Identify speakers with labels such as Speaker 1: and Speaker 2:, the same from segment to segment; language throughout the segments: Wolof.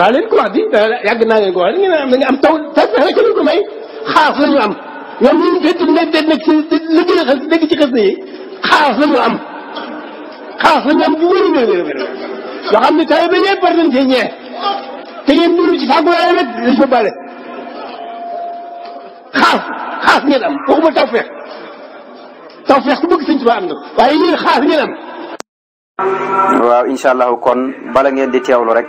Speaker 1: daa leen ko wax di yàgg naa leen ko wax ngeen am da nga am taw tas na ko ko may xaas la ñu am ñoom ñun béykat yi nekk nekk ci li gën a xas dégg ci xas yi xaas la ñu am xaas la ñu am bu wér a wér a wér yoo xam ne tawee ba ñëwee par nañ cee ñëwee te ngeen mënu ci fàggu waaye rek dañ ko bale xaas xaas ngeen am waxuma taw feex taw feex ku bëgg sëñ Tuubaa am na waaye yéen xaas ngeen am. waaw incha allah kon bala ngeen di teewlu rek.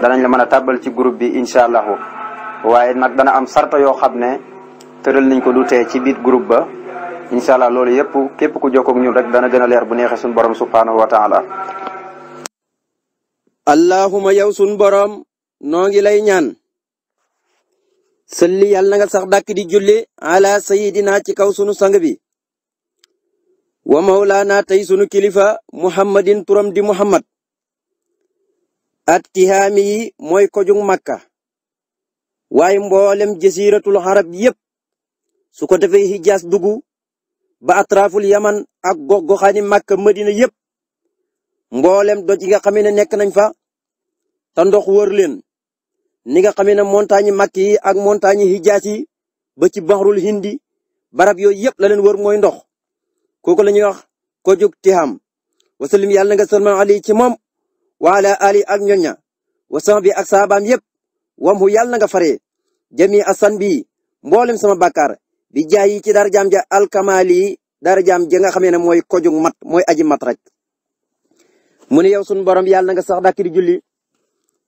Speaker 1: danañ la mën a tàbbal ci groupe bi incha allahu waaye nag dana am sarta yoo xam ne tëral nañ ko du tee ci biir groupe ba incha allah loolu yëpp képp ku jokkoog ñun rek dana gën a leer bu neexee suñu borom subhaanahu wa taala allahuma yow suñ boroom noo ngi lay ñaan sëlli yàlla nga sax dàkk di julli ala sayidina ci kaw sunu sang bi wa mawlaana tey sunu kilifa muhammadin turam di muhammad at tihaami yi mooy kojug makka waaye mboolem jasiratul xarab yépp su ko defee hijaas dugg ba atraful yaman ak gox goxaani makka madina yépp mboolem doj yi nga xam ne nekk nañ fa te ndox wër leen ni nga xam ne montagne makk yi ak montagne hijaas yi ba ci baxrul hindi barab yooyu yépp la wër mooy ndox kooku la wax kojug tihaam wasalim yàlla nga salman ali ci moom waala ali ak ñoña wa sama bi ak saabaam yëpp wamhu yàlla na nga fare jami asan bi mboolem sama bakar bi jaay yi ci darajaam ja alkamaali darajaam ja nga xamee ne mooy kojug mat mooy aji mat rek mu ne yow sunu borom yàlla na nga sax dàkk di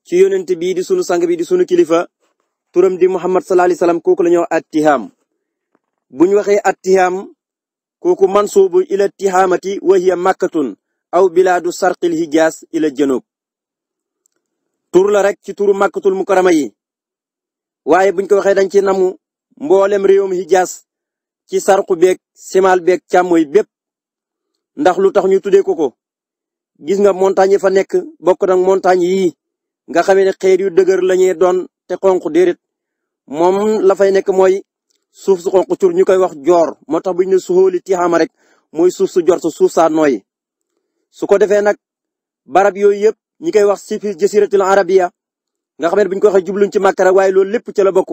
Speaker 1: ci yonent bii di sunu sang bi di sunu kilifa turam di Muhammad sallallahu alayhi wasallam kooku la ñoo attihaam bu ñu waxee attihaam kooku mansubu ila tihaamati wa hiya makkatun aw bilaadu sarqil hijaas ila janoob tur la rek ci turu mu mukarama yi waaye buñ ko waxee dañ ci namu mboolem réewum hijaas ci sarqu beeg simal beeg càmmooy bépp ndax lu tax ñu tuddee ko ko gis nga yi fa nekk bokk nag montagne yi nga xamee ne xeer yu dëgër lañuy doon te xonq déedéet moom la fay nekk mooy suuf su xonq cur ñu koy wax joor moo tax buñ ne suxóoli tixaama rek mooy suuf su jor sa suuf saa nooy su ko defee nag barab yooyu yëpp ñi koy wax si fi jasiratul arabiya nga xam ne biñ ñu ko waxee jubluñ ci Makka waaye loolu lépp ca la bokk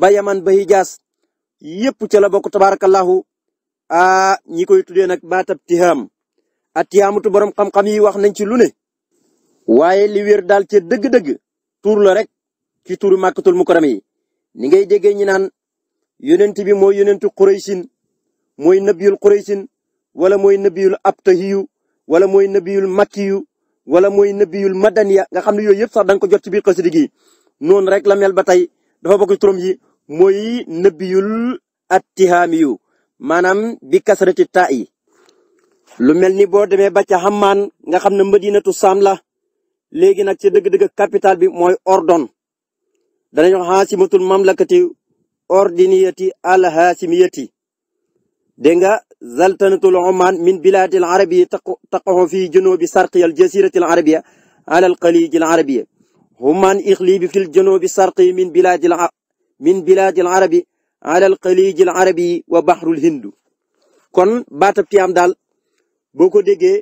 Speaker 1: ba Yaman ba Hijaas yëpp ca la bokk tabarakallahu a ñi koy tuddee nag baatab tihaam atihaamatu borom xam-xam yi wax nañ ci lu ne waaye li wér daal ce dëgg-dëgg tuur la rek ci tuuru Makkatul Mukarrama yi ni ngay déggee ñi naan yonent bi mooy yonentu Quraysin mooy nabiyul Quraysin wala mooy nabiyul abtahiyu wala mooy nabiyul makkiyu wala mooy nabiyul madaniya nga xam ne yooyu yëpp sax da nga ko jot ci biir xasida gi rek lamel mel ba tey dafa bokk ci turam yi mooy nabiyul attihaamiyu maanaam bi kasrati taa yi. lu mel ni boo demee ba ca Hammaan nga xam ne madinatu Saam la léegi nag ci dëgg-dëgg capital bi mooy Ordon danañu xaasimatul mamlakati ordiniyati alxaasimiyati dégg nga zaltanatul oman min bilaadil arabi taqaxu fi junubi sarqiyal jasiratil arabia alal xaliijil arabia oman ixli bi fil junubi sarqi min bilaadil min bilaadil arabi alal xaliijil arabi wa baxrul hindu kon baatab tiyaam daal boo ko déggee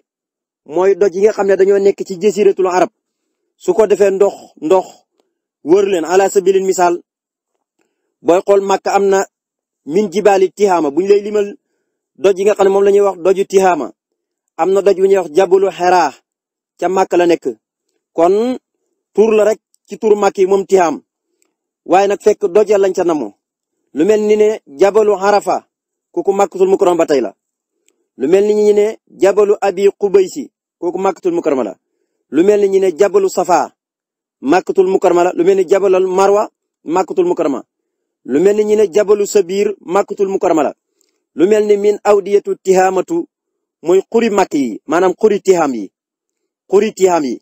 Speaker 1: mooy doj yi nga xam ne dañoo nekk ci jasiratul arab su ko defee ndox ndox wër leen ala sabilin misaal booy xool màkk am na min jibaali tihaama bu lay limal doj yi nga xam ne moom la ñuy wax doju Tihaama am na doj bu ñuy wax Jabalu Xeraa ca Màkka la nekk kon tur la rek ci turu Màkk yi moom Tihaam waaye nag fekk doj lañ ca namoo lu mel ni ne Jabalu Arafa kooku Makkatul Mukarrama ba tey la lu mel ni ñu ne Jabalu Abi Qubaysi kooku Makkatul Mukarrama la lu mel ni ñu ne Jabalu Safa Makkatul Mukarrama la lu mel ni Jabalul Marwa Makkatul Mukarrama lu mel ni ñu ne Jabalu Sabir Makkatul Mukarrama la lu mel ni min awdiyatu tihaamatu muy xuri mag yi maanaam xuri tihaam yi xuri tihaam yi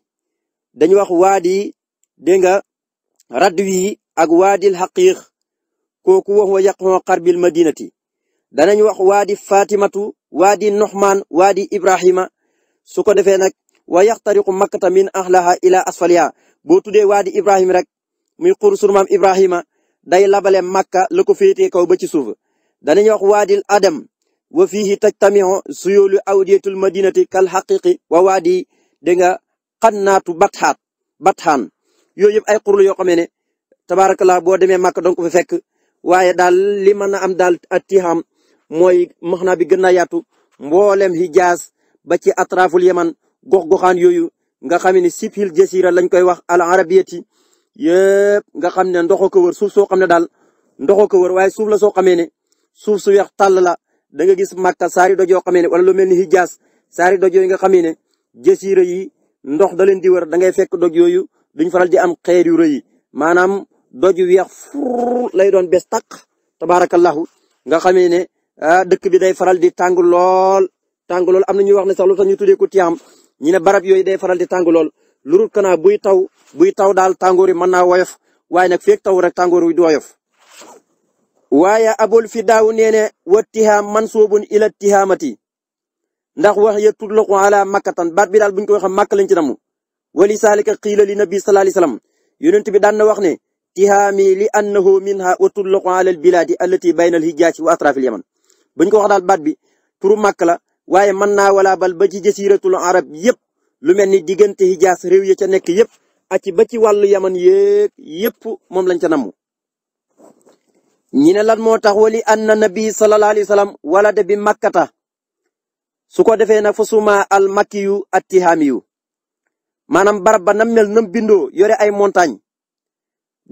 Speaker 1: dañu wax waadi dégg nga radd wi ak waadil xaqiix kooku wax wa yaqmoo xarbil madinati danañ wax waadi faatimatu waadi noxmaan waadi ibrahima su ko defee nag wa yaxtariqu makkata min ahlaha ila asfaliha boo tude waadi ibrahima rek muy xur surmaam ibrahima day labale makka la ko féetee kaw ba ci suuf danañ wax waadil adam wa fihi tajtamiu suyulu awdiyatul madinati kal haqiqi wa waadi dégg nga xannaatu batxaat batxaan yooyu yëpp ay xurlu yoo xam ne tabaarakallaa boo demee màkk donc fa fekk waaye daal li mën a am daal attihaam mooy maxnaa bi gën naa yaatu mboolem hijaas ba ci atraful yaman gox-goxaan yooyu nga xam ne sipil jasira lañ koy wax al arabiyati yëpp nga xam ne ndoxo ko wër suuf soo xam ne daal ndoxo ko wër waaye la soo xamee suuf su weex tàll la da gis Makka saari doj yoo xamee wala lu mel ni Hijaas saari doj yooyu nga xamee ne jasiira yi ndox da leen di wër da ngay fekk doj yooyu duñ faral di am xeer yu rëy maanaam doj weex fur lay doon bes tàq tabaarakallahu nga xamee ne ah, dëkk bi day faral di tàng lool tàng lool am na ñuy wax ne sax lu tax ñu tuddee ko Tiyaam ñu ne barab yooyu day faral di tàng lool lu rut kana buy taw buy taw daal tàngoor yi mën naa woyof waaye nag feeg taw rek tàngoor wi woyof waaye abul fidaaw nee ne wattihaam mansuubun ila tihaamati ndax wax ya tutlaqu ala makkatan baat bi daal buñ ko wax makk lañ ci namu wali saalika qiila li nabi sallallahu alayhi wasallam yonent bi daan na wax ne tihaami li annahu minha wa tutlaqu ala al bilaadi allati bayna al hijaaz wa atraaf al yaman buñ ko wax daal baat bi turu makk la waaye mën naa wala bal ba ci jasiratul arab yépp lu mel ni diggante hijaaz réew ya ca nekk yépp ak ci ba ci wàllu yaman yéeg yépp moom lañ ca namu ñi ne lan moo tax wali anna nabi sallallahu alayhi wa sallam walada bi makkata su ko defee nag fa suma al makkiyu attihaamiyu maanaam barab ba na mel na bindoo yore ay montagne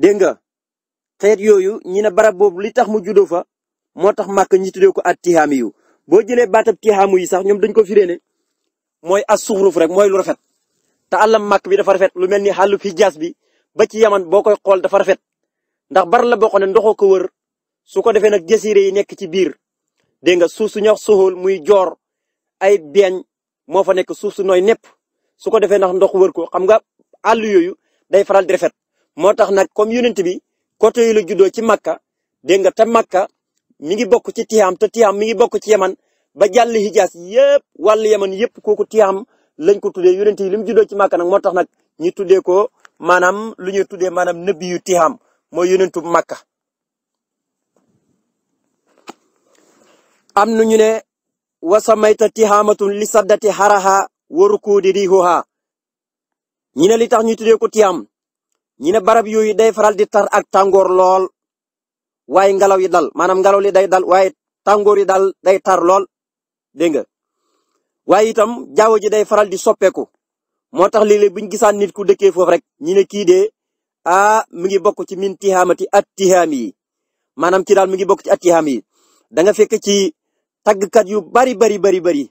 Speaker 1: dégg nga xeet yooyu ñi ne barab boobu li tax mu juddoo fa moo tax màkk ñi tuddee ko attihaamiyu boo jëlee baatab tihaamu yi sax ñoom dañ ko firene ne mooy as suxruf rek mooy lu rafet te àllam màkk bi dafa rafet lu mel ni xàllu Hijaas bi ba ci yaman boo koy xool dafa rafet ndax barab la boo xam ne ndoxoo ko wër su ko defee nag jasire yi nekk ci biir dégg nga suuf su ñuy wax muy joor ay beeñ moo fa nekk suuf su nooy nepp su ko defee ndax ndox wër ko xam nga àll yooyu day faral di rafet moo tax nag comme yonent bi côté yi la juddoo ci Makka dégg nga te Makka mi ngi bokk ci Tiham te Tiham mi ngi bokk ci Yaman ba jàll Hijaas yëpp wàllu Yaman yëpp kooku Tiham lañ ko tuddee yonent yi li mu juddoo ci Makka nag moo tax nag ñu tuddee ko maanaam lu ñuy tuddee maanaam nëbbi yu Tiham mooy yonentu Makka. am nu ñu ne wasa mayta tihaamatun li saddati xaraha waru kuudi rihuha ñi ne li tax ñu tuddee ko tiyaam ñi ne barab yooyu day faral di tar ak tàngoor lool waaye ngelaw yi dal maanaam ngelaw li day dal waaye tàngoor yi dal day tar lool dégg nga waaye itam jaww ji day faral di soppeeku moo tax léeg bu ñu gisaan nit ku dëkkee foofu rek ñi ne kii de ah ngi bokk ci min tihaamati attihaam yi maanaam kii daal mi ngi bokk ci attihaam yi taggkat yu bari bari bari bari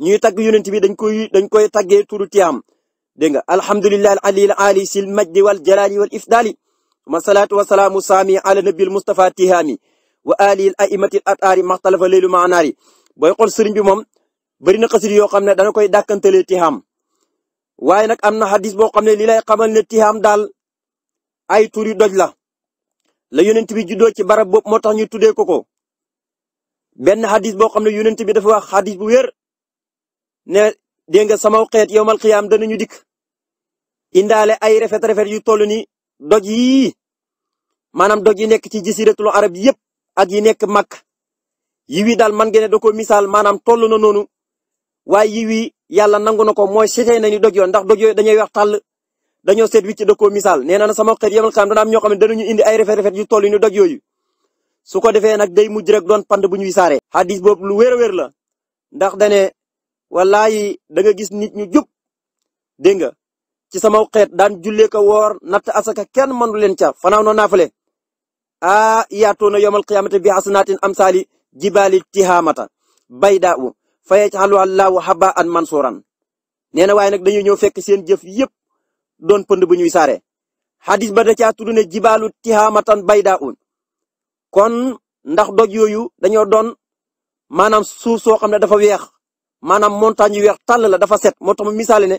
Speaker 1: ñuy tagg yonent bi dañ koy dañ koy taggee turu tiyaam dégg nga alhamdulilah al alil ali sil majdi wal jalali wal ifdali suma salaatu wasalaamu saami ala nabil mustafa tihaami wa alil aimatil ataari maxtalafa leylu maanaari booy xool sëriñ bi moom bari na xasir yoo xam ne dana koy dàkkantalee tihaam waaye nag am na xadis boo xam ne li lay xamal ne tihaam daal ay turi doj la la yonent bi juddoo ci barab boobu moo tax ñu tuddee ko ko benn xadis boo xam ne yonent bi dafa wax xadis bu wér ne dégg nga sama xeet yowmal xiyaam danañu dikk indaale ay rafet rafet yu toll ni doj yi maanaam doj yi nekk ci jisiratul arab yëpp ak yi nekk màkk yi wi daal man ngeen ne da ko misaal maanaam toll na noonu waaye yi wi yàlla nangu na ko mooy seetee nañu doj yoon ndax doj yooyu dañuy wax tàll dañoo seet wicc da sama xeet yowmal xiyaam dana am indi ay rafet rafet yu toll ni doj yooyu su ko defee nag day mujj rek doon pand bu ñuy saaree. xadis boobu lu wér a la ndax dane wallaay da nga gis nit ñu jub dégg nga ci sama xeet daan jullee ko woor natt asaka kenn mënu leen ca fanaanoo naafale aa yaatuuna yawmal qiyaamati bi hasanaatin amsaali jibaali tihaamata baydaa'u fa yaj'aluhaa Allaahu habaa'an mansuuran nee na waaye nag dañuy ñëw fekk seen jëf yëpp don pënd bu ñuy saare xadis ba da caa tudd ne jibaalu tihaamatan baydaa'u kon ndax doj yooyu dañoo doon maanaam suuf soo xam ne dafa weex maanaam montagne yu weex tàll la dafa set moo tax mu misaale ne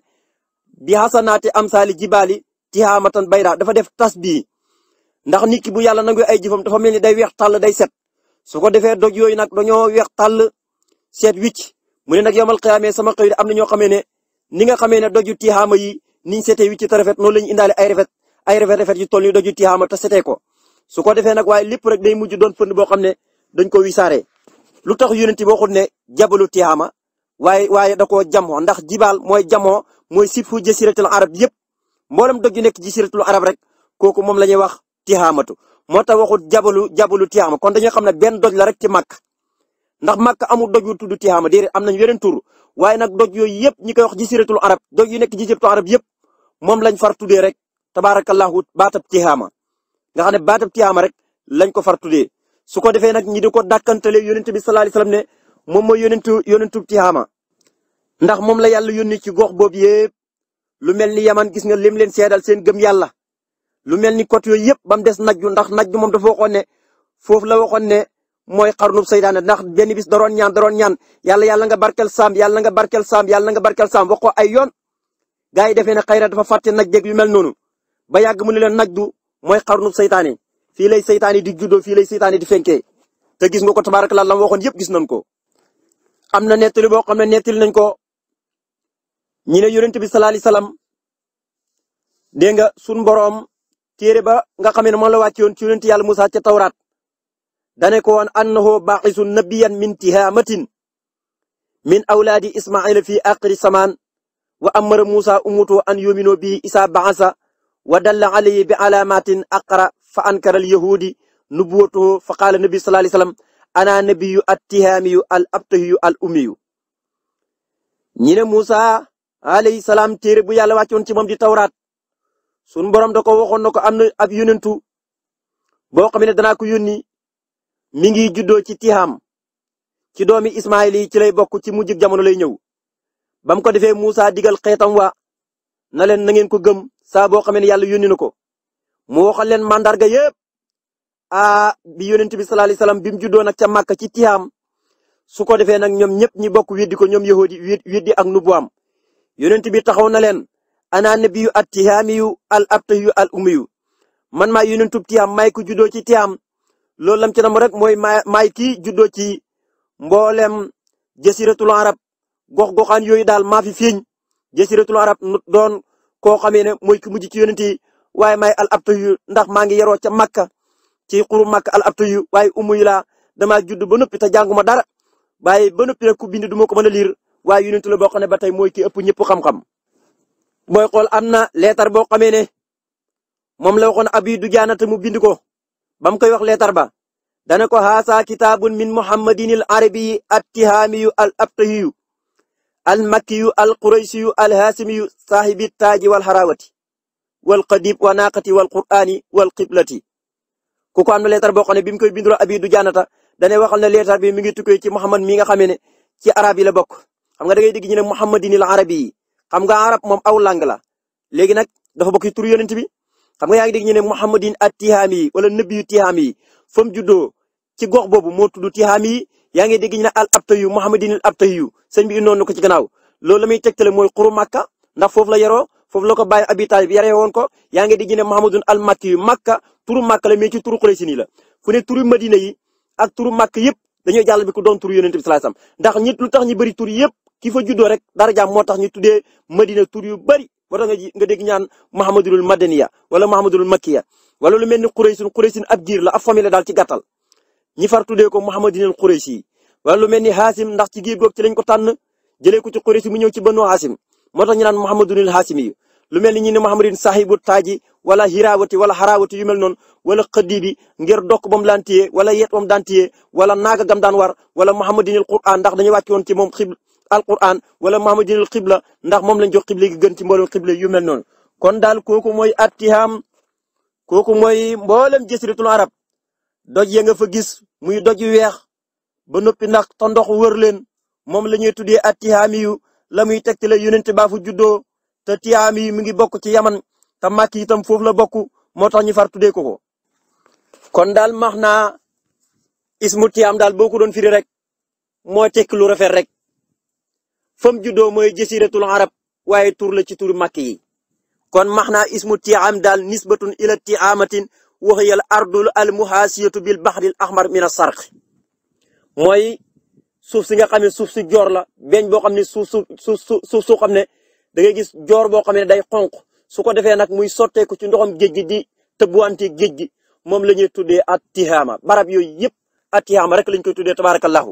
Speaker 1: bi xasanaati am saali jibaali tihaamatan bayra dafa def tas bii ndax nit ki bu yàlla nangu ay jëfam dafa mel ni day weex tàll day set su ko defee doj yooyu nag dañoo weex tàll seet wicc mu ne nag yomal xiyaamee sama xëy am na ñoo xamee ne ni nga xamee ne doju tihaama yi niñ setee wicc te rafet noonu la ñu indaale ay rafet ay rafet rafet yu toll nii doju tihaama te setee ko su ko defee nag waaye lépp rek day mujj doon pënd boo xam ne dañ ko wisaaree lu tax yonent ti waxul ne jabalu tiyaama waaye waaye da koo jamoo ndax jibaal mooy jamoo mooy sibfu jasiratul arab yëpp mboolem doj yu nekk jasiratul arab rek kooku moom la ñuy wax tiyaamatu moo tax waxut jabalu jabalu tiyaama kon dañoo xam ne benn doj la rek ci màkk ndax màkk amul doj wu tudd tiyaama déedéet am nañ yeneen tur waaye nag dog yooyu yëpp ñi koy wax jasiratul arab doj yu nekk jasiratul arab yëpp moom lañ far tuddee rek tabaarakallaahu baatab tiyaama nga xam ne baatab tiyaama rek lañ ko far tuddee su ko defee nag ñi di ko dàkkantale yonent bi sallallahu alayhi wasallam ne moom mooy yonentu yonentu tiyaama ndax moom la yàlla yónni ci gox boobu yépp lu mel ni yaman gis nga lim leen seedal seen gëm yàlla lu mel ni côté yooyu yëpp ba mu des najju ndax najju moom dafa waxoon ne foofu la waxoon ne mooy xarnub saydaane ndax benn bis daroon ñaan daroon ñaan yàlla yàlla nga barkel saam yàlla nga barkel saam yàlla nga barkel saam wax ay yoon. gaa yi defee ne xayra dafa fàtte naj jeeg yu mel noonu mooy xarnub seytaane fii lay seytaane di juddoo fii lay seytaane di fenkee te gis nga ko tabaarakallaa la waxoon yëpp gis nañ ko. am na nettali boo xam ne nettali nañ ko ñi ne yonent bi sallallahu alayhi wasallam nga sunu boroom téere ba nga xam ne moom la wàcce yoon ci yonent yàlla Musaa ca Tawraat dane ko woon annahu baaxisun nabiyan min tihaamatin min awlaadi Ismaayila fi aaxiri samaan wa amara Musaa ummutu an yuminu bihi isaa wa dalla alayhi bi alaamatin aqra fa ankara al yahudi nubuwatuhu fa qaala nabi sallallahu ana nabiyu attihaamiyu al abtahiyu al ummiyu ñi ne Moussa alayhi salaam téere bu yàlla wàccoon ci moom di tawraat sun borom da ko waxoon na ko am na ab yonentu boo xam ne danaa ko yónni mi ngi juddoo ci Tiham ci doomi Ismaayil yi ci lay bokk ci mujj jamono lay ñëw. ba ko defee Moussa digal xeetam wa na leen na ngeen ko gëm saa boo xamee ne yàlla yónni na ko mu waxal leen mandarga yëpp a bi yonent bi sallallahu alayhi wasallam bi mu juddoo nag ca Màkka ci Tihaam su ko defee nag ñoom ñëpp ñi bokk weddi ko ñoom yahudi weddi ak nubuwaam yonent bi taxaw na leen ana nabiyu at tihaamiyu al abtahiyu al umiyu man maa yonentub Tihaam maay ko juddoo ci Tihaam loolu lam ci rek mooy maay maay kii juddoo ci mboolem jasiratul arab gox goxaan yooyu daal maa fi feeñ jasiratul arab doon koo xamee ne mooy ki mujj ci yonent yi waaye may al abta yu ndax maa ngi yaroo ca Makka ci xuru mak al abta yu waaye umu yi laa damaa judd ba noppi te jànguma dara waaye ba noppi ku bind du ma ko mën a liir waaye yonent la boo xam ne ba tey mooy ki ëpp ñëpp xam-xam. booy xool am na leetar boo xamee ne moom la waxoon abi du jaanata mu bind ko ba mu koy wax leetar ba dana ko haasa kitaabun min muhammadinil arabi attihaamiyu al abtahiyu almakkiyu alquraysiyu alhaasimiyu saaxibi taaji wal xaraawati wal qadib wa naaqati wal quraani wal qiblati ku ko am na leetar boo xam ne bi mu koy bindoo abi du jaanata danay waxal ne leetar bi mi ngi tukkee ci Muhammad mi nga xamee ne ci arab yi la bokk xam ga da ngay dégg ñu ne Muhammadinil arabi yi xam ga arab moom aw lang la léegi nag dafa bokk ci turu yonent bi xam nga yaa ngi dégg ñu ne Muhammadin at tihaami yi wala nëbbi yu tihaami yi fa mu juddoo ci gox boobu moo tudd yi yaa ngi dégg ñu ne al abtayu muhammadin al abtayu sëñ bi indoon na ko ci gannaaw loolu la muy tegtale mooy xuru makka ndax foofu la yaroo foofu la ko bàyyi abi taalib yaree woon ko yaa ngi dégg ñu ne muhammadun al makki yu makka turu makka la mais la fu ne turu madina yi ak turu makka yëpp dañoo jàll ko doon turu yonent bi ndax ñi lu tax ñu bëri tur yëpp ki fa rek dara jaam moo tax ñu tuddee madina tur yu bëri moo tax nga dégg ñaan muhammadul madaniya wala muhammadul makkiya wala lu mel ni xuraysin xuraysin ab giir la ab famille daal ci gàttal ñi far tuddee ko Muhammadinil Qurayshi wala ndax ci géej goog ci lañ ko tànn jëlee ko ci Qurayshi mu ñëw ci Banu Haasim moo tax ñu naan Muhammadinil Haasimi lu mel ni ñu ne Muhammadin saahibu taaji wala hirawati wala harawati yu mel noonu wala xëddi bi ngir dokk ba mu daan wala yet ba mu daan téye wala naaga gam daan war wala Muhammadinil Qur'an ndax dañu wàcce woon ci moom xib alquran wala Muhammadinil xibla ndax moom lañ jox xibla gi gën ci mboolem xibla yu mel noonu kon daal kooku mooy attihaam kooku mooy mboolem jësritul arab doj ya nga fa gis muy doj yu weex ba noppi nag te ndox wër leen moom la ñuy tuddee at tihaami yu la muy tegtale yonent baa fu juddoo te tihaami yu mi ngi bokk ci yaman te màkk tam foofu la bokk moo tax ñu far tuddee ko ko. kon daal max naa ismu tiyaam daal boo ko doon firi rek moo tekki lu rafet rek fam juddoo mooy jasiratul arab waaye tur la ci turu màkk yi kon max naa ismu tiyaam daal nisbatun ila tiyaamatin wax yal ardul al muhaasiyatu bil bahril ahmar min as-sarq mooy suuf si nga xam ne suuf si joor la beñ boo xam ne suuf su suuf su xam ne da ngay gis joor boo xam ne day xonq su ko defee nag muy sotteeku ci ndoxam géej gi di tëbbuwante géej gi moom la ñuy tuddee at tihaama barab yooyu yëpp at tihaama rek lañ koy tuddee tabaarakallahu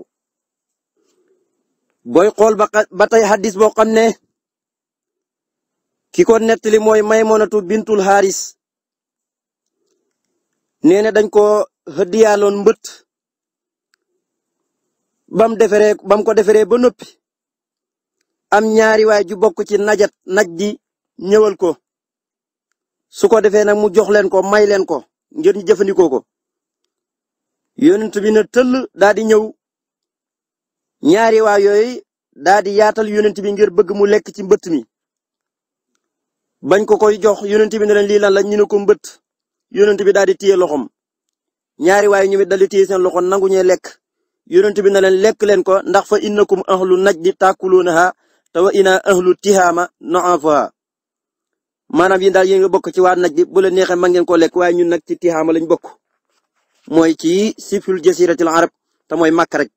Speaker 1: booy xool ba ba tey hadis boo xam ne ki ko nettali mooy maymonatu bintul haris nee na dañ koo xëddiyaaloon mbët bam deferee bam ko deferee ba noppi am ñaari waay ju bokk ci najat naj ji ñëwal ko su ko defee nag mu jox leen ko may leen ko ngir ñu jëfandikoo ko yonent bi na tëll daa di ñëw ñaari waay yooyu daa yaatal yonent bi ngir bëgg mu lekk ci mbëtt mi bañ ko koy jox yonent bi ne leen lii lan la ñu ne ko mbëtt yonent bi daal di téye loxoom ñaari waaye ñu mit daal di téye seen nangu ñee lekk yonent bi na leen lekk leen ko ndax fa innakum ahlu najdi taakuluunaha te wa inna ahlu tihaama na'afaha maanaam yéen daal yéen nga bokk ci waa naj bi bu la neexee mën ngeen lekk waaye ñun nag ci tihaama lañ bokk mooy ci siful jasiratil arab te mooy mak rek.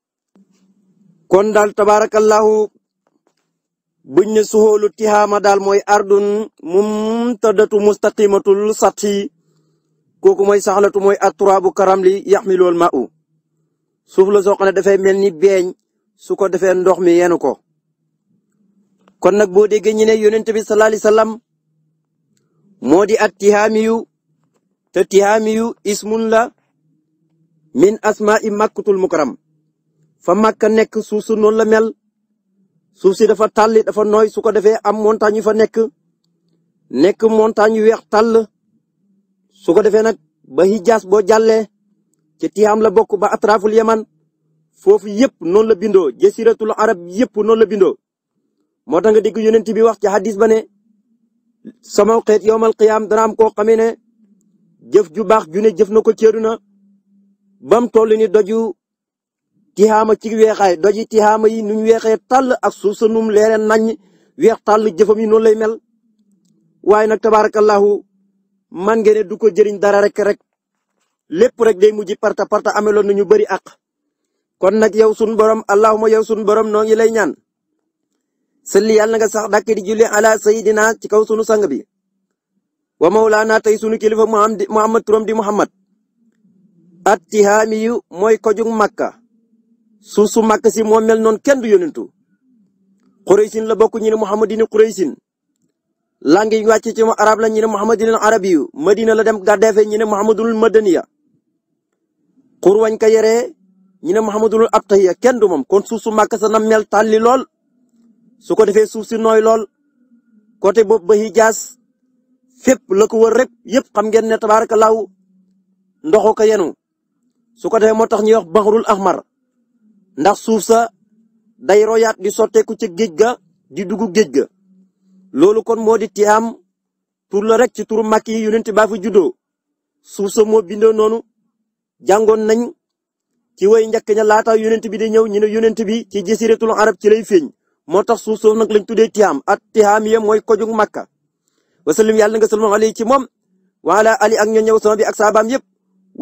Speaker 1: kon daal tabaarakallahu buñ ne suxoolu tihaama daal mooy ardun mumtadatu mustaqimatul sati kooku mooy saxlatu mooy bu karam li mi lool ma u suuf la soo xam mel ni beeñ su ko defee ndox mi yenu ko kon nag boo déggee ñu ne yonent bi sallallahu alayhi wasallam moo di at tihaamiyu te tihaamiyu ismun la min asmaa'i makkatul mukarram fa makka nekk suuf su noonu la mel suuf si dafa tàll dafa nooy su ko defee am montagne yu fa nekk nekk montagne yu weex tàll su ko defee nag ba Hijaas boo jàllee ci Tihaam la bokk ba atraaful Yaman foofu yëpp noonu la bindoo jasiratul arab yëpp noonu la bindoo moo tax nga dégg yonent bi wax ci hadis ba ne sama xeet yowmal qiyaam dana am koo xamee ne jëf ju baax ju ne jëf na ko cëru na bam toll ni doju Tihaama ci weexaay doji Tihaama yi nu ñu weexee tàll ak suuf sa num leere nañ weex tàll jëfam yi noonu lay mel waaye nag tabaarakallaahu man ngeen ne du ko jëriñ dara rek rek lépp rek day mujj parta parta ameloon na ñu bëri àq. kon nag yow sunu borom allahuma yow sunu borom noo ngi lay ñaan. salli yàlla na nga sax dàkk di julli ala sayidina ci kaw sunu sang bi. wa mawlaana tey sunu kilifa muhammad turam di muhammad. at tihaamiyu mooy makka. suuf su makka si moo mel noonu kenn du yónentu. Quraysin la bokk ñu ne muhammadini Quraysin langue yi ñu wàcc ci arab la ñu ne muhammadinil arabiyu madina la dem gàddeefe ñu ne muhammadul madaniya xurwañ ka yéré ñu ne muhammadul abtahiya kenn du moom kon suuf su màkk sa na mel tàlli lool su ko defee suuf si nooy lool côté boobu ba jaas fépp la ko wër rek yépp xam ngeen ne tabaarakallaahu ndoxu ko yenu su ko defee moo tax ñuy wax baxrul ahmar ndax suuf sa day royaat di sotteeku ci géej ga di dugg géej ga loolu kon moo di tiyaam tur la rek ci turu màkk yi yonent baa fi juddoo suuf sa moo bindoo noonu jàngoon nañ ci way njëkk ña laata yonent bi di ñëw ñu ne yonent bi ci jasiratul arab ci lay feeñ moo tax suuf soof nag lañ tuddee tiyaam at tiyaam ya mooy kojug màkka wasallim yàlla nga sallam alayhi ci moom wala ali ak ñoo ñëw sama bi ak saabaam yëpp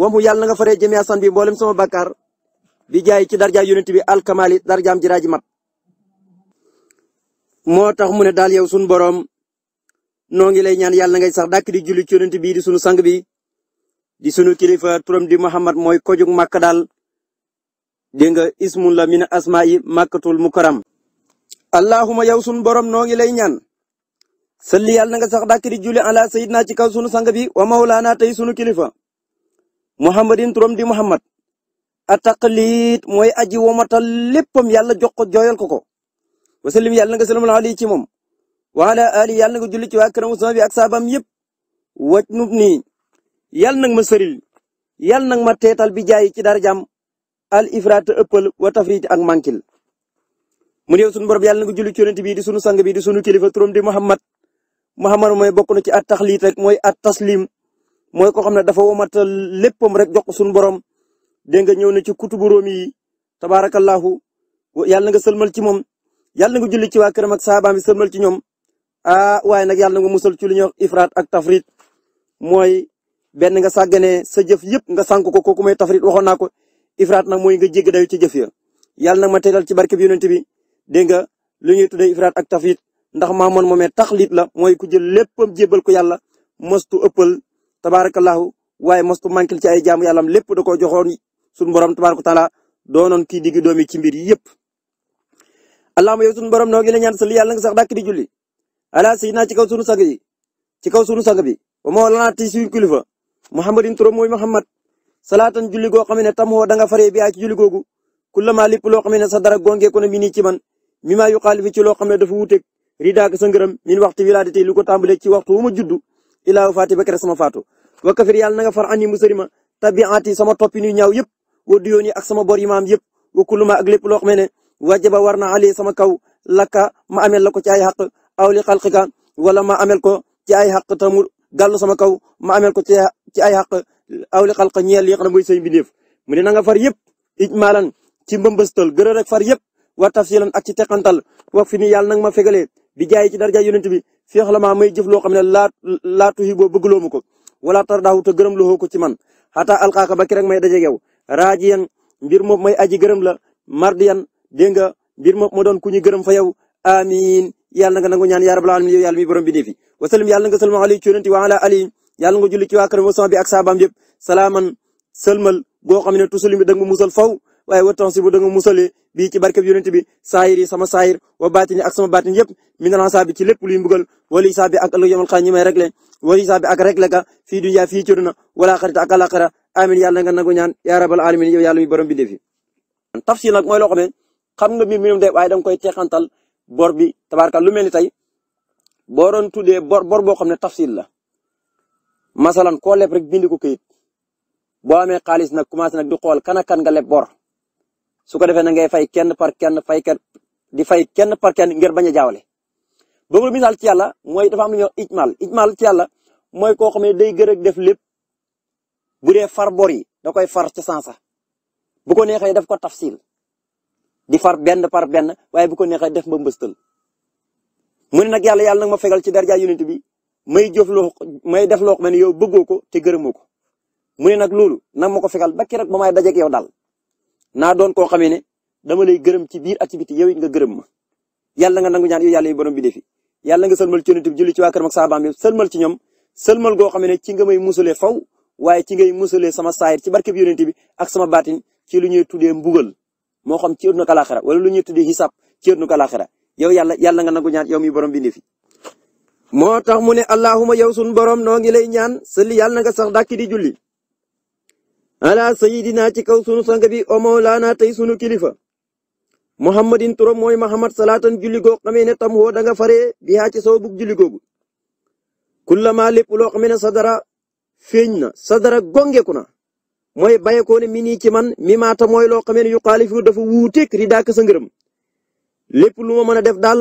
Speaker 1: wamu yàlla nga faree jëmee asan bi mboolem sama bakkaar bi jaay ci darja yonent bi alkamali darjaam ji raaji mat moo tax mu ne daal yow sunu boroom noo ngi lay ñaan yàlla ngay sax dàkk di julli ci yonent bii di sunu sang bi di sunu kilifa turam di Muhammad mooy kojug Màkka daal dégg nga ismun la min asmaa yi Màkkatul mukaram allahuma yow sunu borom noo ngi lay ñaan. salli yàlla nga sax dàkk di julli ala sayidna ci kaw sunu sang bi wa mawlaana tey sunu kilifa. muhammadin turam di muhammad. ataqliit mooy aji womatal léppam yàlla jox ko jooyal ko ko. wa sallim yàlla nga salaamu alayhi ci moom wa ala ali yàlla na nga julli ci waa këram sama bi ak saabam yépp waj nub nii yàlla nag ma sëril yàlla nag ma teetal bi jaay ci dara jàmm al ifraat ëppal wa tafriit ak mankil mu ne sun borom yàlla na nga julli ci yonent bi di sunu sang bi di sunu kilifa turam di Muhammad Muhammad mooy bokk na ci at taxliit rek mooy at taslim mooy koo xam ne dafa womatal léppam rek jox ko sunu borom dégg nga ñëw na ci kutubu Roomi yi tabaarakallaahu yàlla nga sëlmal ci moom. yàlla nga julli ci waa këram ak saabaam yi sërmal ci ñoom ah waaye nag yàlla nga musal ci lu ñuy wax ak tafrit mooy benn nga sàgganee sa jëf yëpp nga sànq ko kooku mooy tafrit waxoon naa ko ifraat nag mooy nga jéggi dayu ci jëf ya yàlla nag ma teelal ci barke bi yonent bi dégg nga lu ñuy tuddee ifraat ak tafrit ndax maamoon tax taxlit la mooy ku jël léppam jébbal ko yàlla mostu ëppal tabaarakallaahu waaye mostu manquil ci ay jaamu yàllaam lépp da koo joxoon suñu borom tabaaraka tala doonoon kii digg doomi ci mbir yëpp allahumma yow sunu borom noo ngi la ñaan salli yàlla nga sax dàkk di julli ala sayyidina ci kaw sunu sang yi ci kaw sunu sang bi wa mawlana ti suñu mooy muhammad salaatan julli goo xam ne tam woo danga faree bi ay ci julli googu kullama lépp loo xam ne sa dara gongee ko mi nii ci man mi maa yu xaalifi ci loo xam ne dafa wuuteeg ridaak sa ngërëm min waxtu wilaadati lu ko tàmbalee ci waxtu wu ma juddu ilaa faati ba kere sama faatu wa na nga far ani musarima tabiaati sama toppi nu ñaaw yëpp sama bor yi maam yëpp lépp loo xam ne wajaba war na ali sama kaw lakka ma amel la ko ci ay xaq aw li xalqika wala ma amel ko ci ay xaq te mu gàllu sama kaw ma amel ko ci ay xaq aw li xalqa ñeel li nga xam ne mooy say mbindeef mu ne na nga far yëpp ijmaalan ci mbëmbëstal gërë rek far yëpp wa tafsilan ak ci teqantal wax fi ni yàlla nag ma fegalee bi jaay ci darja yonent bi feex ma maa may jëf loo xam ne laa laatu yi boo bëggloo ma ko wala tar daaw te gërëm loo ko ci man xataa alxaaka ba ki rek may dajeeg yow raajiyan mbir moom may aji gërëm la mardiyan dégg nga mbir ma ma doon gërëm fa yow amiin yàlla nga nangu ñaan yaa rabbal alamin yow yàlla mi borom bi defi wa sallam yàlla nga salma xam ne tusalim bi da nga ma musal faw waaye wa tansi bu da nga musale bii ci barkeb yonent sama saayir wa baatini sama baatin yëpp min lansa bi saa bi ak ëllëg yomal xaa ñi may réglé wali saa bi ak réglé ka fii dunya fii ci duna wala xarita ak ñaan yaa rabbal alamin yow yàlla mi borom bi defi tafsir xam nga mbir mi dem waaye da koy teqantal bor bi tabaarka lu mel ni tey boo doon tuddee bor bor boo xam ne tafsil la masalan koo leb rek bind ko kayit boo amee xaalis nag commencé nag di xool kan kan nga leb bor su ko defee na ngay fay kenn par kenn fay di fay kenn par kenn ngir bañ a jaawale. bëgg misaal ci yàlla mooy dafa am lu ñuy wax ijmal ijmal ci yàlla mooy koo xam ne day gërëg def lépp bu dee far bor yi da koy far ca sansa bu ko neexee daf ko tafsil di far benn par benn waaye bu ko neexee def ba mbëstal mu ne nag yàlla yàlla ma fegal ci darja yonent bi may jëf loo may def loo xam ne yow bëggoo ko te gërëmoo ko mu ne nag loolu nag ma ko fegal ba ki rek ba may dajeeg yow daal naa doon koo xamee ne dama lay gërëm ci biir activité yow it nga gërëm ma yàlla nga nangu ñaan yow yàlla yu borom bi defi yàlla nga sëlmal ci yonent bi ci waa këram ak saabaam bi sëlmal ci ñoom sëlmal goo xam ne ci nga may musalee faw waaye ci ngay musalee sama saayir ci barkeb yonent bi ak sama baatin ci lu ñuy tuddee mbugal moo xam ci àddina ak àllaaxira wala lu ñuy tuddee xisaab ci àddina ak àllaaxira yow yàlla yàlla nga nangu ñaan yow mi borom bi fi. moo tax mu ne allahuma yow sunu borom noo ngi lay ñaan salli yàlla na nga sax dàkk di julli. ala sayidina ci kaw sunu sang bi la mawlaana tey sunu kilifa. muhammadin turam mooy muhammad salaatan julli googu xamee ne tam woo da nga faree bi haa ci bug julli googu. kullama lépp loo xamee ne sadara feeñ na sadara gongeeku na. mooy bàyyeekoo ne mi nii ci man mi maata mooy loo xamee ne yu xaalifu dafa wuuteeg ridaak sa ngërëm lépp lu ma mën a def daal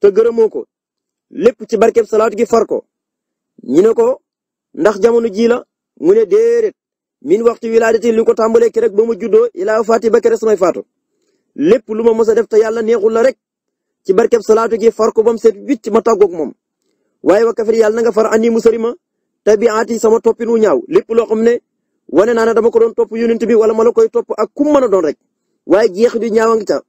Speaker 1: te gërëmoo ko lépp ci barkeb salaatu gi far ko ñu ne ko ndax jamono jii la mu ne déedéet min waxtu wilaadati li ko tàmbalee ki rek ba ma juddoo ilaa faati ba kere samay faatu lépp lu ma mës a def te yàlla neexul la rek ci barkeb salaatu gi far ko ba mu set wicc ma tàggoog moom waaye wa kafir yàlla na nga far andi mu sëri ma tabiaati sama toppin ñaaw lépp loo xam ne wane naa ne dama ko doon topp yonent bi wala ma la koy topp ak ku mën a doon rek waaye jeex ju ñaawa ngi ca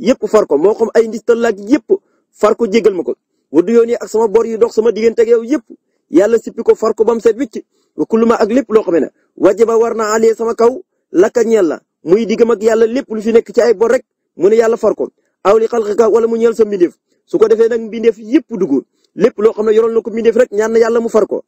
Speaker 1: yëpp far ko moo xam ay ndistal laaj yëpp far ko jégal ma ko wudd yoon yi ak sama bor yi dox sama diggante ak yow yëpp yàlla sippi ko far ko ba mu set wicc wa kulluma ak lépp loo xam ne wajaba war naa alee sama kaw lakka ñeel la muy diggam ak yàlla lépp lu fi nekk ci ay bor rek mu ne yàlla far ko aw li xalqika wala mu ñeel sa mbindeef su ko defee nag mbindeef yëpp dugg lépp loo xam ne yoroon na ko mbindeef rek ñaan na yàlla mu far ko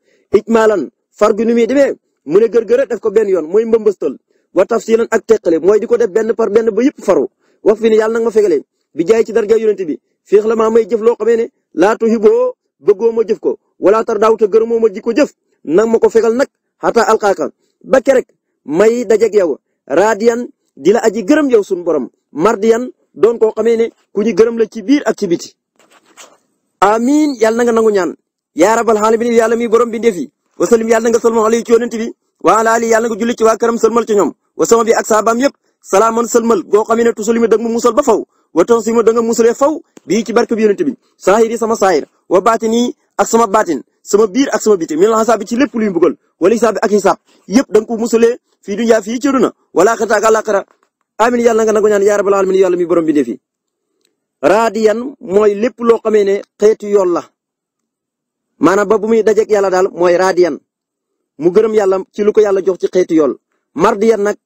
Speaker 1: mu ne gërgëra def ko benn yoon mooy mbëmbëstal wa tafsilan ak teqale mooy di ko def benn par benn ba yëpp faru wax fi ne yàlla ma fegalee bi jaay ci darja yonent bi féex la maa may jëf loo xamee ne laa tuhiboo bëggoo ma jëf ko wala tar daw te gërëmoo ma ji ko jëf nag ma ko fegal nag xataa alqaaka ba kerek may dajeeg yow raadiyan di dila aji gërëm yow sunu borom mardiyan don koo xamee ne ku ñu gërëm la ci biir ak ci biti. yal nanga na nga nangu ñaan yaa rabal xaalamin yàlla mi borom bi ndefi wasalim yàlla nga sëlmal alayhi ci yonent bi wa ala ali yàlla nga julli ci waa këram sëlmal ci ñoom wasama bi ak saabaam yëpp salaaman sëlmal goo tusulimi da musal ba faw wa tansimu da nga musalee faw bii ci barke bi yonent bi saahiri sama saahir wa baatini ak sama baatin sama biir ak sama biti min la xasaab ci lépp luy mbugal wala xisaab ak xisaab yëpp da nga ko musalee fii dunya fii ci aduna wala axirata ak àllaaxira amin yàlla nga nangu ñaan yaa rabbal alamin yàlla mi borom bi ne fi raadiyan mooy lépp loo xamee ne xeetu yoon la maanaam ba bu muy dajeeg yàlla daal mooy raadiyan mu gërëm yàlla ci luko ko yàlla jox ci xeetu yool mardiyan nag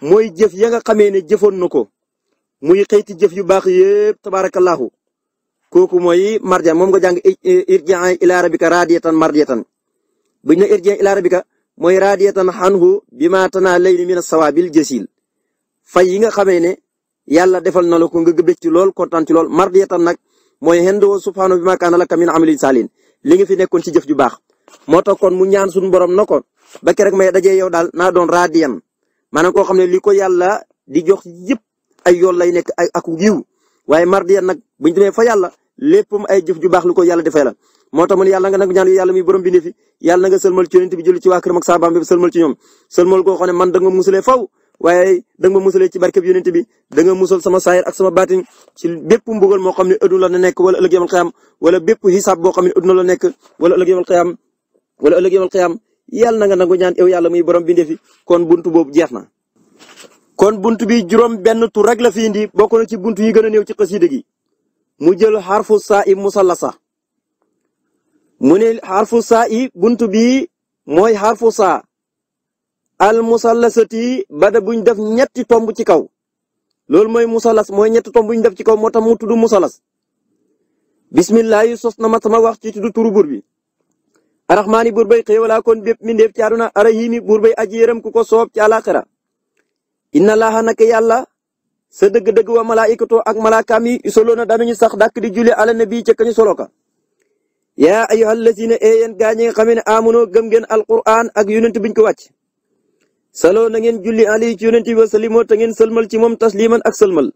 Speaker 1: mooy jëf ya nga xamee ne jëfoon na ko muy xeeti jëf yu baax yépp tabaarakallaahu kooku mooy mardiyan moom nga jàng irji'a ila rabbika raadiyatan mardiyatan bu ñu ne irji'a ila rabbika mooy raadiyatan anhu bima tana layni min sawabil sawaabil jasil fay yi nga xamee ne yàlla defal na la ko nga bëgg ci lool kontaan ci lool mardiyatan nag mooy hendu subhanahu bima kaana laka min amalin salin li nga fi nekkoon ci jëf ju baax moo tax kon mu ñaan suñu borom na ko ba keroog may dajee yow daal naa doon raadiyan maanaam koo xam ne li ko yàlla di jox yëpp ay yoon lay nekk ay ak yiw waaye mardiyan nag buñ demee fa yàlla léppam ay jëf ju baax lu ko yàlla defee la moo tax mu ne yàlla nga ñaan yàlla muy borom bi ne fi yàlla nga sëlmal ci bi julli ci waa këram ak saabaam ci ñoom sëlmal koo man da nga musalee faw waaye da nga ma musalee ci barkeb yonent bi da nga musal sama saayir ak sama baatin ci bépp mbugal moo xam ne adduna la nek wala ëllëg yamal xiyaam wala bépp xisaab boo xam ne adduna la nekk wala ëllëg yamal xiyaam wala ëllëg yamal xiyaam yàlla na nga nangu ñaan yow yàlla muy borom bi ndefi kon bunt boobu jeex na. kon bunt bi juróom benn tur rek la fi indi bokk na ci buntu yi gën a néew ci xasida gi mu jël xarfu saa i musallasa mu ne saa i buntu bi mooy xarfu saa al musallasati bada buñ def ñetti tomb ci kaw loolu mooy musallas mooy ñetti tomb buñ def ci kaw moo ta mu tudd musallas bismillah yi sos na ma sama wax ci tudd turu buur bi arrahmaani buur bay xéewalaa kon bépp mindeef ci àdduna arrahiimi buur bay aji yërëm ku ko soob ci àlaaxira inna laaha naka yàlla sa dëgg-dëgg wa malaayikatoo ak malaakaam yi yusaloona danañu sax dàkk di julli ala nabi ca kañu solo ka yaa a lazina ee yéen gaa ñi nga xam ne amunoo gëm ngeen alquran ak yonent biñ ko wàcc saloo na ngeen julli ali ci yonent bi wa salimoo te ngeen sëlmal ci moom tasliman ak sëlmal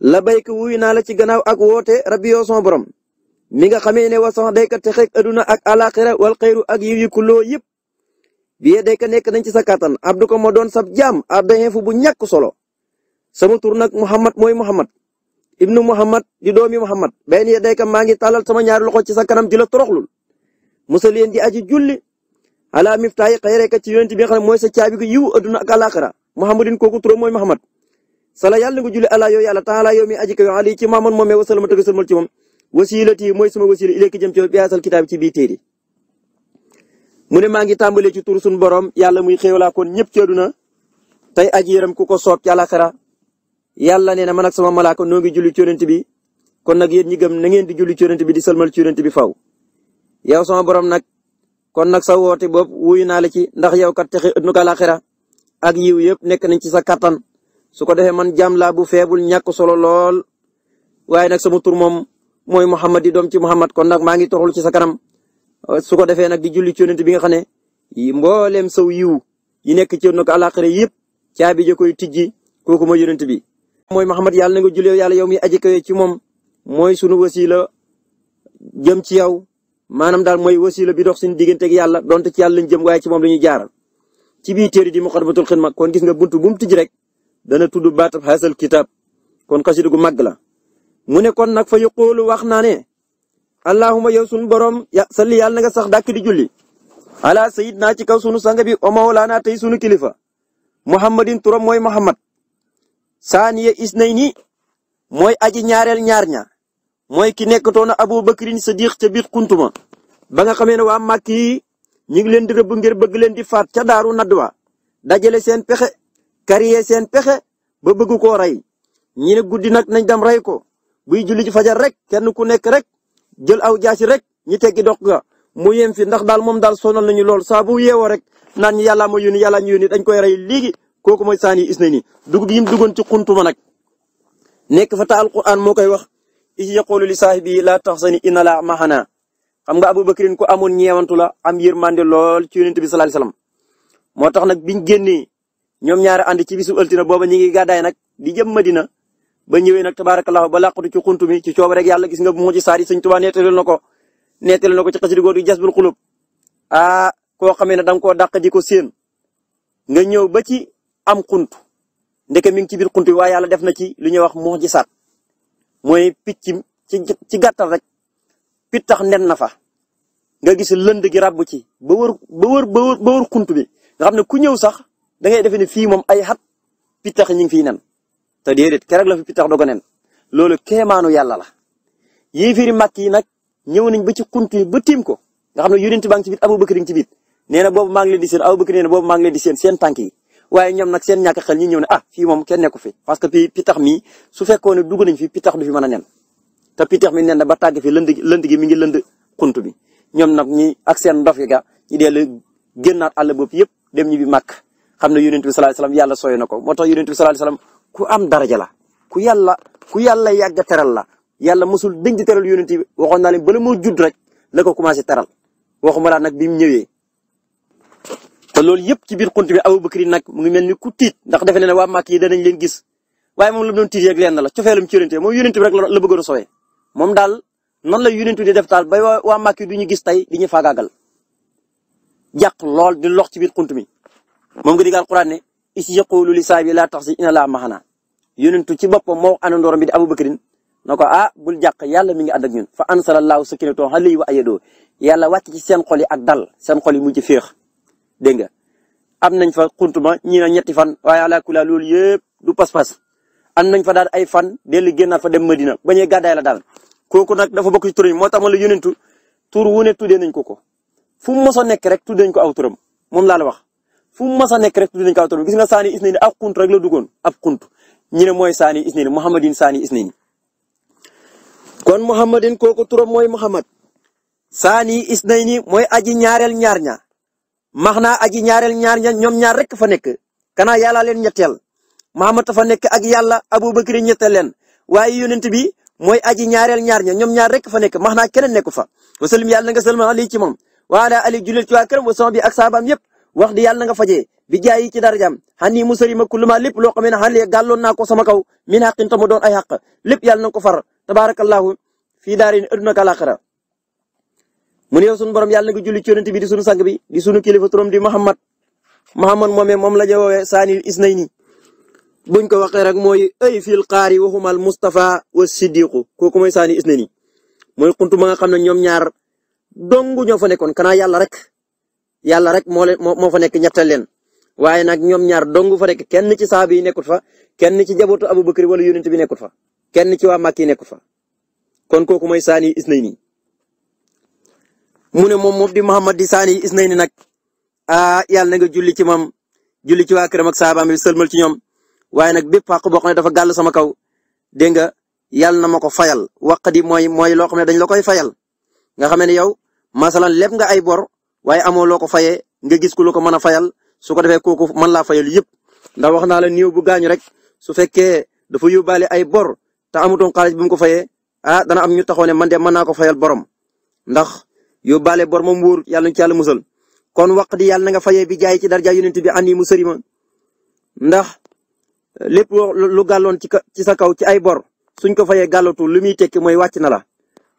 Speaker 1: la béyk wuyu naa la ci gannaaw ak woote rabbi yoo son borom mi nga xamee ne wasax dayka texeeg aduna ak alaxira wal xayru ak yiw yi kuloo yëpp biyee dayka nekk nañ ci sa kàttan abdu ko ma doon sab jaam abdahin fu bu ñàkk solo sama tur nag muhammad mooy muhammad ibnu muhammad di doomi muhammad benn yee dayka maa ngi tàllal sama ñaari loxo ci sa kanam di la toroxlul musal di aji julli ala miftaahi xayrika ci yonent bi nga xam ne mooy sa caabi gu yiw adduna ak alaxira muhammadin kooku turam mooy muhammad sala yàlla nga julli ala yow yàlla taala yow mi aji kaw ali ci maamoon moomee wa salama tëgg sëlmal ci moom wasilati mooy sama wasila ilayka jëm ci yow biyaasal kitaab ci bii téere mu ne maa ngi tàmbalee ci tur suñu borom yàlla muy xéewlaa kon ñëpp ci adduna tey aji yaram ku ko soob ci alaxira yàlla nee na man ak sama malaaka noo ngi julli ci bi kon nag yéen ñi gëm na ngeen di julli ci yonent bi di sëlmal ci yonent bi faw yow sama borom kon nag sa woote boobu wuy naa la ci ndax yow kat texe ëdduna àllaaxira ak yiw yëpp nekk nañ ci sa kattan su ko defee man jaam laa bu feebul ñàkk solo lool waaye nag sa tur moom mooy Muhammad di doom ci Muhammad kon nag maa ngi toroxlu ci sa kanam su ko defee nag di julli ci yonent bi nga xam ne mbooleem saw yiw yi nekk ci ëdduna àllaaxira yëpp caabi ja koy tijji kooku mooy yonent bi. moy Muhammad yàlla na nga jullee yàlla yow mi aji kawe ci moom mooy sunu wasila jëm ci yow. maanaam daal mooy wasila bi dox suñu diggante ak yàlla donte ci yàlla lañ jëm waaye ci moom la ñuy jaaral ci biir téere di muqaddimatul xidma kon gis nga buntu bu mu tijji rek dana tudd baatab xaasal kitaab kon xasida gu màgg la mu ne kon nag fa yuqulu wax naa ne allahuma yow sunu borom ya salli yàlla na nga sax dàkk di julli ala sayid naa ci kaw sunu sang bi o mawlaana tey sunu kilifa muhammadin turam mooy muhammad saaniya ni mooy aji ñaareel ñaar ña mooy ki nekkatoon na Abu Bakrin Sadiq ca biir Kuntuma ba nga xamee ne waa màkk yi ñu ngi leen di rëbb ngir bëgg leen di faat ca daaru Nadwa dajale seen pexe kariye seen pexe ba bëgg koo rey ñi guddi nag nañ dem rey ko buy julli ci fajar rek kenn ku nekk rek jël aw jaasi rek ñi teggi dox ga mu yem fi ndax daal moom daal sonal nañu lool saa bu yeewoo rek naan ñu yàllaa ma yónni yàllaa ñu yónni dañ koy rey léegi kooku mooy saani is na ni dugg gi mu duggoon ci xuntuma nag nekk fa ta alquran moo koy wax is yaqulu li saahibi laa taxsani inna laa maxana xam nga Abubakrin ko amoon ñeewantu la am yërmande lool ci yonent bi sallallahu alayhi wasallam moo tax nag biñ génnee ñoom ñaari ànd ci bisu ëltina booba ñi ngi gàddaay nag di jëm Madina ba ñëwee nag tabaarakallaahu ba làqatu ci xunt mi ci coob rek yàlla gis nga bu mu ci saari Sëñ Tuubaa nettali na ko nettali ko ci xasida googu Jasbul Xulub ah koo xamee ne da ko koo dàq di ko séen nga ñëw ba ci am xunt ndeke mi ngi ci biir xunt bi waaye yàlla def na ci lu ñuy wax mujisaat mooy picc ci ci gàttal rek pittax nen na fa nga gis lënd gi ràbb ci ba wër ba wër ba wër ba wër xunt nga xam ne ku ñëw sax da ngay defe ne fii moom ay xat pittax ñu ngi fiy nen te déedéet keroog la fi pittax doog a nen loolu keemaanu yàlla la. yéefiri màkk yi nag ñëw nañ ba ci xunt yi ba tiim ko nga xam na boobu maa ngi leen di seen Abubakar nee na boobu maa ngi leen di seen yi. waaye ñoom nag seen ñàkk xel ñi ñëw ne ah fii moom kenn nekku fi parce que fii pitax mi su fekkoon ne dugg nañ fi pitax du fi mën a nen te pitax mi nen na ba tàgg fi lënd lënd gi mi ngi lënd xunt bi ñoom nag ñi ak seen ndof yi ga ñu dellu génnaat àll boobu yëpp dem ñi bi màkk xam ne yonent bi sallallahu alayhi wasallam yàlla sooy na ko moo tax yonent bi sallallahu alayhi wasallam ku am daraja la ku yàlla ku yàlla yàgg teral la yàlla masul dëñ di teral yonent bi waxoon naa leen bala moo judd rek la ko commencé teral waxuma laa nag bi mu ñëwee loolu yëpp ci biir xunt bi Aboubacry nag mu ngi mel ni ku tiit ndax defe na ne waa màkk yi danañ leen gis waaye moom la mu doon tiit yeeg leen la cofeelam ci yonente moom yonente bi rek la bëggoon a sowee moom daal nan la yonente di def taal ba waa màkk yi du ñu gis tey di ñu faagaagal jàq lool di lox ci biir xunt mi moom nga digal Alxuraan ne isi ko li saabi laa tax si ina laa maxana yonentu ci boppam moo àndandooram bi di Aboubacrin na ko ah bul jàq yàlla mi ngi ànd ak ñun fa ansalallahu sakinatahu alayhi wa ayadahu yàlla wàcc ci seen xol yi ak dal seen xol yi mujj féex dégg nga am nañ fa xuntuma ñi na ñetti fan waaye alaakulaa loolu yëpp du pas-pas am nañ fa daal ay fan dellu génnaat fa dem Madina bañee gàddaay la daal kooku nag dafa bokk ci tur yi moo tax ma la yónentu tur wu ne tuddee nañ ko ko fu mu mos a nekk rek tu nañ ko aw turam moom laa la wax fu mu mos a nekk rek tuddee nañ ko aw turam gis nga saani isnayni ab xunt rek la duggoon ab xunt ñi ne mooy saani isnayni muhammadin saani isnayni kon muhammadin kooku turam mooy muhammad saani isnayni mooy aji ñaareel ñaar ñaar max naa aji ñaareel ñaar ñoom ñaar rek fa nekk kanaa yàlla leen ñetteel Muhammad fa nekk ak yàlla Abubakar ñetteel leen waaye yonent bi mooy aji ñaareel ñaar ña ñoom ñaar rek fa nekk max naa keneen nekku fa wasallim yàlla nga salma ali ci moom waala ali julil ci waa këram wa sama bi ak saabaam yëpp wax di yàlla nga fajee bi jaay yi ci darajaam xan nii musari ma kulluma lépp loo xam ne xan lee gàlloon naa ko sama kaw min xaqin ta mu doon ay xaq lépp yàlla na ko far tabarakallahu fii daarin adduna ak alaxira mu ne yow borom yàlla na julli ci yonent bi di sunu sang bi di sunu kilifa turam di Muhammad Muhammad moomee moom la ñu woowee saani isnayni buñ ko waxee rek mooy ay fil qaari waxumal Moustapha wa Siddiqu kooku mooy saani isnayni mooy xuntu ma nga xam ne ñoom ñaar dong ñoo fa nekkoon kanaa yàlla rek yàlla rek moo leen moo fa nekk ñettal leen. waaye nag ñoom ñaar dong fa nekk kenn ci saaba yi nekkut fa kenn ci jabootu Abubakar wala yonent bi nekkut fa kenn ci waa Màkki nekkut fa kon kooku mooy saani isnayni mu ne moom moom di Muhammad di saani isnayni nag ah yàlla na nga julli ci moom julli ci waa këram ak saabaam yi sëlmal ci ñoom waaye nag bépp xàq boo ne dafa gàll sama kaw dégg nga yàlla na ma ko fayal waq di mooy mooy loo xam ne dañ la koy fayal nga xam ne yow masalan leb nga ay bor waaye amoo loo ko fayee nga gis ku la ko mën a fayal su ko defee kooku mën laa fayal yëpp ndax wax naa la néew bu gaañu rek su fekkee dafa yóbbaale ay bor te amutoon xaalis bi mu ko fayee ah dana am ñu taxaw ne man de mën naa ko fayal borom ndax yóbbaale bor moom wóorut yàlla na ci yàlla musal kon waq di yàlla na nga fayee bi jaay ci darja yonent bi an yi mu sëri ma ndax lépp lu gàlloon ci ci sa kaw ci ay bor suñ ko fayee gàllatu lu muy tekki mooy wàcc na la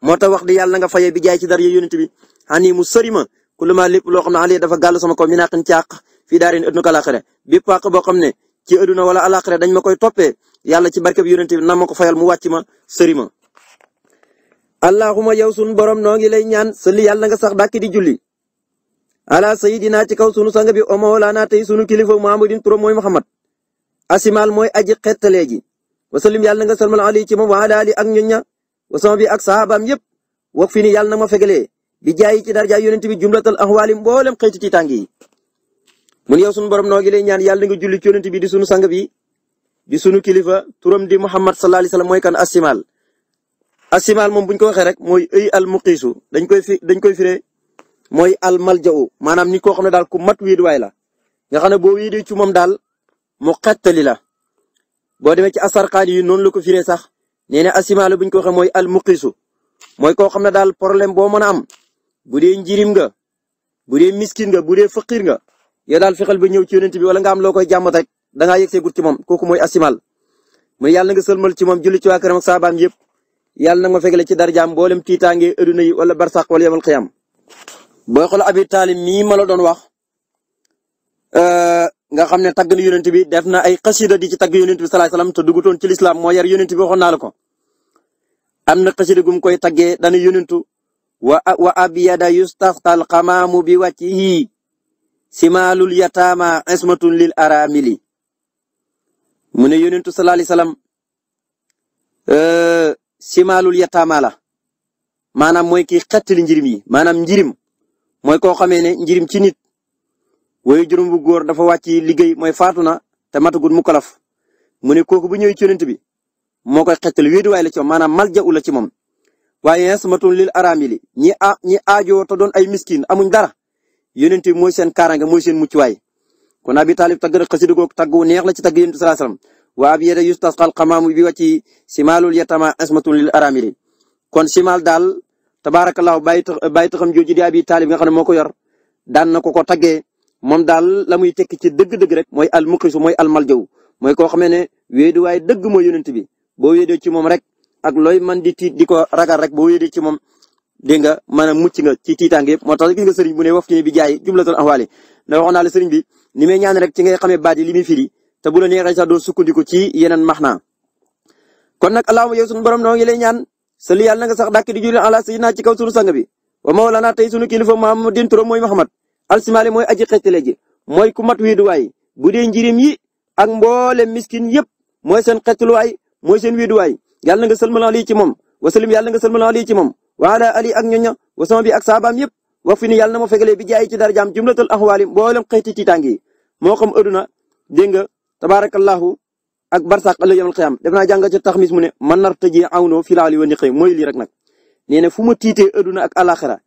Speaker 1: moo tax wax di yàlla na nga fayee bi jaay ci darja yonent bi an yi mu sëri ma ku lu ma lépp loo xam ne alee dafa gàll sama kaw mi naaqin càq fii daarin ëdduna ko alaxira bi pàq boo xam ne ci ëdduna wala alaxira dañ ma koy toppee yàlla ci barke bi yonent bi na ma ko fayal mu wàcc ma sëri ma allahuma yow sunu borom noo ngi lay ñaan sëli yàlla nga sax dàkk di julli. ala sayidina ci kaw sunu sang bi o mawlaana tey sunu kilifa muhammadin turam mooy muhammad. asimaal mooy aji xettalee ji. wasalim yàlla nga salmal ali ci moom waa daali ak ñun ña. wasama bi ak sahabaam yëpp. wax fi ni yàlla na ma fegalee. bi jaay ci darja yonent bi jumlatal ahwaali mboolem xeeti ci tàng yi. mun yow sunu borom noo ngi lay ñaan yàlla nga julli ci yonent bi di sunu sang bi. di sunu kilifa turam di muhammad sallallahu alayhi wasallam mooy kan asimaal asimaal moom buñ ko waxee rek mooy ëy al muqiisu dañ koy fi dañ koy firee mooy al malja'u maanaam nit koo xam ne daal ku mat wiid waay la nga xam ne boo wiidee ci moom daal mu xettali la boo demee ci asarqaan yi noonu la ko firee sax nee asimal asimaal buñ ko waxee mooy al muqiisu mooy koo xam ne daal problème boo mën a am bu dee njirim nga bu dee miskin nga bu dee faqir nga yow daal fexel ba ñëw ci yonent bi wala nga am loo koy jàmbat rek da ngaa yegseegut ci moom kooku mooy asimaal mu ne yàlla nga sëlmal ci moom julli ci waa këram ak saabaam yëpp yàlla na ma fegle ci darjaam mboolem tiitaange aduna yi wala barsax wala yamal xiyam booy xool abi taalib mii ma la doon wax eh, nga xam ne tagg na yonent bi def na ay xasida di ci tagg yonent bi salaay salaam te dugutoon ci lislaam moo yar yonent bi waxoon ko am na xasida gum koy taggee dana yonentu wa wa abyada yustaxtal xamaamu bi wàccihi simaalul yataama ismatun lil aramili mu ne yonentu salaay salaam eh, simaalul yataama la maanaam mooy kiy xettali njirim yi maanaam njirim mooy koo xamee ne njirim ci nit woyu juróom bu góor dafa wàcc liggéey mooy faatu na te matagul mu kalaf mu ne kooku bu ñëwee ci bi moo koy xettali wéeduwaay la ci moom maanaam malja'u la ci moom waaye yasmatun lil aramili ñi a ñi aajoo te doon ay miskin amuñ dara yonent bi mooy seen kaaraange mooy seen muccuwaay kon abi taalib tagg rek xasida googu tagg wu neex la wa ab yada yustasqal xamaamu bi wàcci simaalul yatama asmatun lil aramilin kon simaal daal tabaarakallaahu bàyyi tax bàyyi taxam jooju di abi taalib nga xam ne moo ko yor daan na ko ko taggee moom daal la muy tekki ci dëgg-dëgg rek mooy al muqisu mooy al maljaw mooy koo xamee ne wéeduwaay dëgg mooy yonent bi boo wéedee ci moom rek ak looy man di tiit di ko ragal rek boo wéedee ci moom dégg nga mën a mucc nga ci tiitaange yëpp moo tax gis nga sëriñ bu ne wafti bi jaay jumlatul ahwaali na waxoon naa la sëriñ bi ni may ñaan rek ci ngay xamee baat yi li muy firi te bu la neexee sax doo sukkandiku ci yeneen max naa kon nag allahumma yow sunu borom noo ngi lay ñaan sali yàlla nga sax dàkk di julli ala sayyidina ci kaw sunu sang bi wa mawlana tey sunu kilifa muhammadin turam mooy Muhammad alsimali mooy aji xettale ji mooy ku mat wiiduwaay bu dee njirim yi ak mboolem miskin yëpp mooy seen xettaluwaay mooy seen wiiduwaay yàlla na nga sëlmal ali ci moom wa salim yàlla na nga sëlmal ali ci moom wa ala ali ak ñoña wa sama bi ak saabaam yëpp wax fi ni na ma fegalee bi jaay ci darajaam jumlatul ahwaali mboolem xeeti tiitaange yi moo tabaarakallaahu ak barsaq ëllëg yawmal qiyaam def naa jàng ca taxmis mu ne man nar tëjee awnoo fi laali wa niqi mooy lii rek nag nee na fu ma tiitee adduna ak alaxira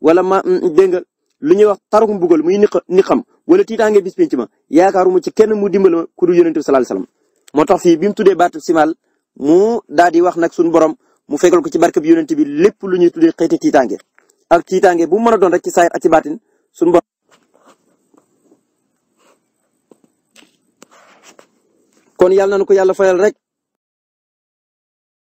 Speaker 1: wala ma mm, mm, dégg nga lu ñuy wax tarukum bugal muy niq niqam wala tiitaange bis penc ma yaakaaruma ci kenn mu dimbal ma ku dul yonent bi sallallahu alayhi wasallam moo tax fii bi mu tuddee baatu simal mu daal di wax nag suñu borom mu fegal ko ci barke bi yonent bi lépp lu ñuy tuddee xeeti tiitaange ak tiitaange bu mu mën a doon rek ci saayir ak ci baatin suñu borom kon yàlla nañu ko yàlla fayal rek